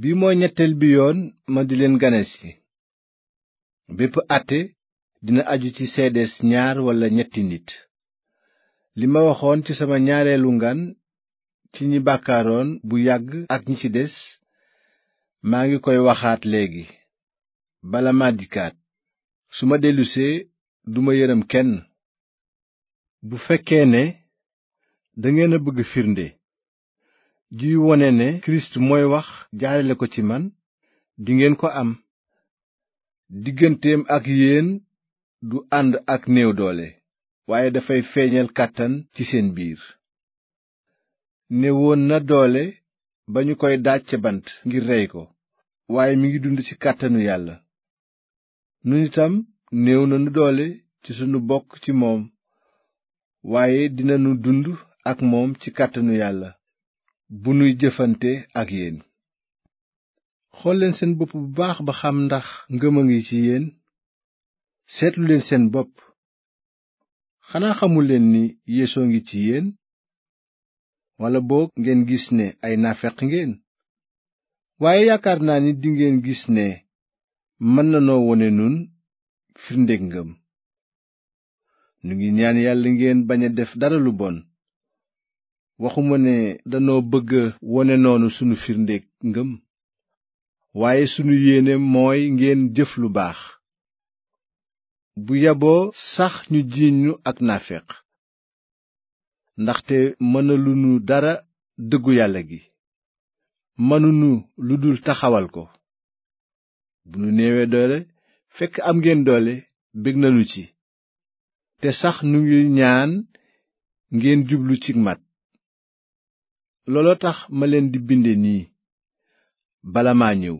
bi mooy ñetteel bi yoon ma di leen ganesi bépp àtte dina aju ci seedes ñaar walla ñetti nit li ma waxoon ci sama ñaareelu ngan ci ñi bàkkaaroon bu yàgg ak ñi ci des maa ngi koy waxaat léegi bala ma dikkaat su ma dellusee duma yërëm kenn bu fekkee ne dangeen a bëgg firnde juy wone ne kirist mooy wax jaarale ko ci man dingeen ko am digganteem ak yeen du ànd ak néew doole waaye dafay feeñal kàttan ci seen biir néewoon na doole ba ñu koy daaj ca bant ngir rey ko waaye mi ngi dund ci kàttanu yàlla nun itam néew nanu doole ci sunu bokk ci moom waaye dinanu dund ak moom ci kàttanu yàlla bu nuy jëfante ak yéen xool seen bopp bu baax ba xam ndax ngëm a ngi ci yéen seetlu seen bopp xanaa leen ni yeesoo ngi ci yéen walla boog ngeen gis ne ay naafeq ngeen waaye yaakaar naa ni dingeen gis ne mën noo wone nun firndeg ngëm nu ngi ñaan yàlla ngeen bañ a def dara lu bon waxuma ne danoo bëgg wone noonu sunu firndeek ngëm waaye sunu yéene mooy ngeen jëf lu baax bu yaboo sax ñu jiiñ ñu ak naaféq ndaxte mënaluñu dara dëggu yàlla gi mënuñu lu dul taxawal ko bu nu néewee doole fekk am ngeen doole bég nañu ci te sax nu ngi ñaan ngeen jublu ci mat looloo tax ma leen di binde nii bala maa ñëw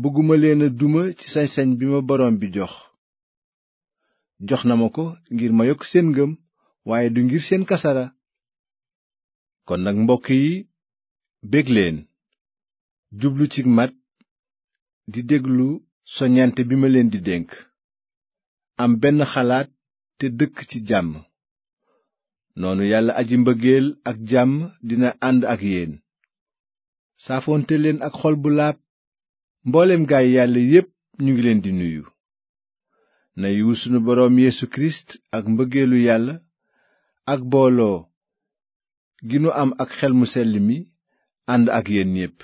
bëgguma leen a duma ci sañ-sañ bi ma boroom bi jox jox na ma ko ngir ma yokk seen ngëm waaye du ngir seen kasara kon nag mbokk yi bég leen jublu ci mat di déglu soññante bi ma leen di dénk am benn xalaat te dëkk ci jàmm noonu yàlla aji mbëggeel ak jàmm dina ànd ak yéen saafoonte leen ak xol bu laab mbooleem gaay yàlla yépp ñu ngi leen di nuyu na yiwu sunu boroom Yeesu Kirist ak mbëggeelu yàlla ak booloo ginu am ak xel mu sell mi ànd ak yéen ñépp